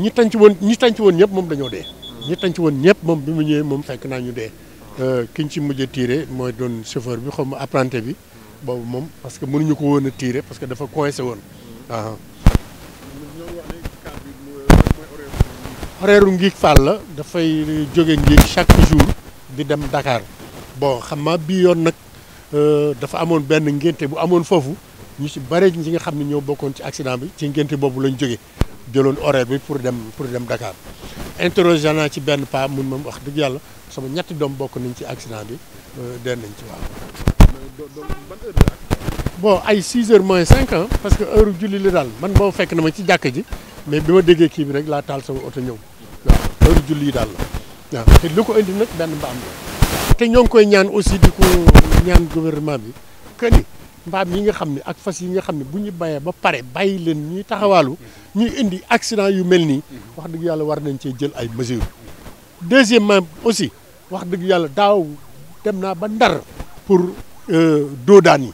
ñi ci woon ñi tànc woon ñëpp moom dañoo dee. ñi ci woon ñëpp moom bi mu ñëwee moom fekk naa ñu dee. Euh, ki ñu ci mujj tiire mooy doon chauffeur bi xaw ma apprenti bi. boobu moom parce que mënuñu ko woon a parce que dafa coincé woon. waaw. horaire ngiig Fall la dafay jóge ngiig chaque jour di dem Dakar bon xam maa bii yoon nag euh, dafa amoon benn ngénte bu amoon foofu ñu ci bare ñi nga xam ne ñoo bokkoon ci accident bi ci ngénte boobu lañ jóge jëloon horaire bi pour dem pour dem Dakar interrogé na ci benn pa mu mom wax deug yalla sama ñetti dom bokku nañ ci accident bi euh, den nañ ci waaw. bon ay 6 h moins 5 ans parce que heure julli li dal man bo fekk na ma ci jakk ji mais bima déggé ki bi rek la taal sama auto ñew heure julli dal la te lu ko indi nak benn mbam te koy ñaan aussi diko ñaan gouvernement bi que ni. mbaam yi nga xam ne ak fas yi nga xam ne bu ñu bayee ba pare bàyyi leen ñuy taxawaalu ñuy indi accident yu mel nii wax dëgg yàlla war nañ cee jël ay mesures deuxièmement aussi wax dëgg yàlla daaw dem naa ba ndar pour euh, doodaan yi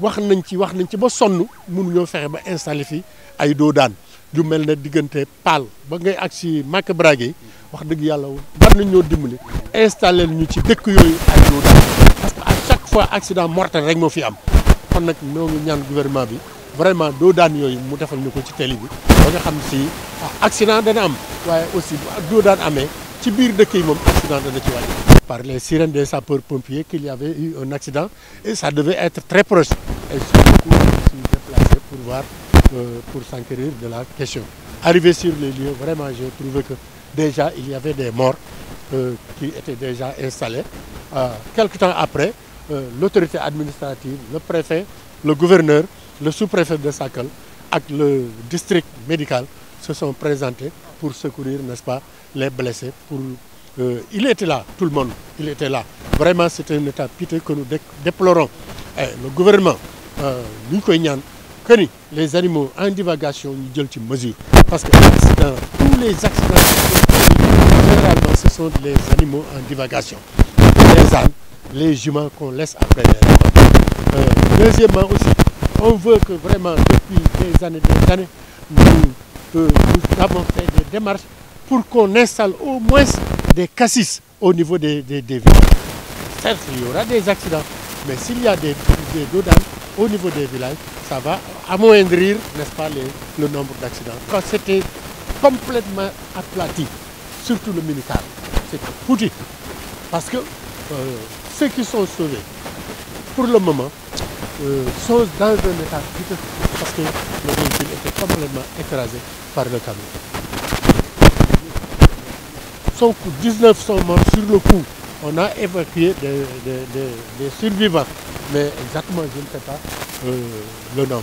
wax nañ ci wax nañ ci ba sonn mënuñoo fexe ba installé fi ay doodaan yu mel ne diggante paal ba ngay ak si màkk brage wax dëgg yàlla war nañ ñoo dimbali installé ñu ci dëkk yooyu ay doodaan parce que chaque fois accident mortel rek moo fi am kon nag ñoo ngi ñaan gouvernement bi vraiment do daan yoy mu defal ñu ci télé bi ba nga xam ci ah, accident dana am waye aussi do doo daan amee ci biir dëkk yi moom accident dana ci wàññi. par les sirènes des sapeurs pompiers qu'il y avait eu un accident et ça devait être très proche et surtout se pour voir euh, pour s'enquérir de la question. Arrivé sur les lieux, vraiment j'ai trouvé que déjà il y avait des morts euh, qui étaient déjà installés. Euh, quelque temps après, euh, l'autorité administrative, le préfet, le gouverneur, le sous-préfet de Sakal et le district médical se sont présentés pour secourir, n'est-ce pas, les blessés. Euh, il était là, tout le monde, il était là. Vraiment, c'était un état piteux que nous déplorons. le gouvernement, nous euh, les animaux en divagation, nous mesure. Parce que dans tous les accidents, généralement, ce sont les animaux en divagation. Les ânes, les juments qu'on laisse après euh, Deuxièmement aussi, on veut que vraiment depuis des années, des années, euh, nous, avons fait des démarches pour qu'on installe au moins des cassis au niveau des, des, villages. Certes, il y aura des accidents, mais s'il y a des, des dodans au niveau des villages, ça va amoindrir, n'est-ce pas, le nombre d'accidents. Quand c'était complètement aplati, surtout le militaire, c'était foutu. Parce que euh, ceux qui sont sauvés, pour le moment, euh, sont dans un état parce que le véhicule était complètement écrasé par le camion. Son coup, 19 morts sur le coup. On a évacué des, survivants, mais exactement, je ne sais pas euh, le nombre.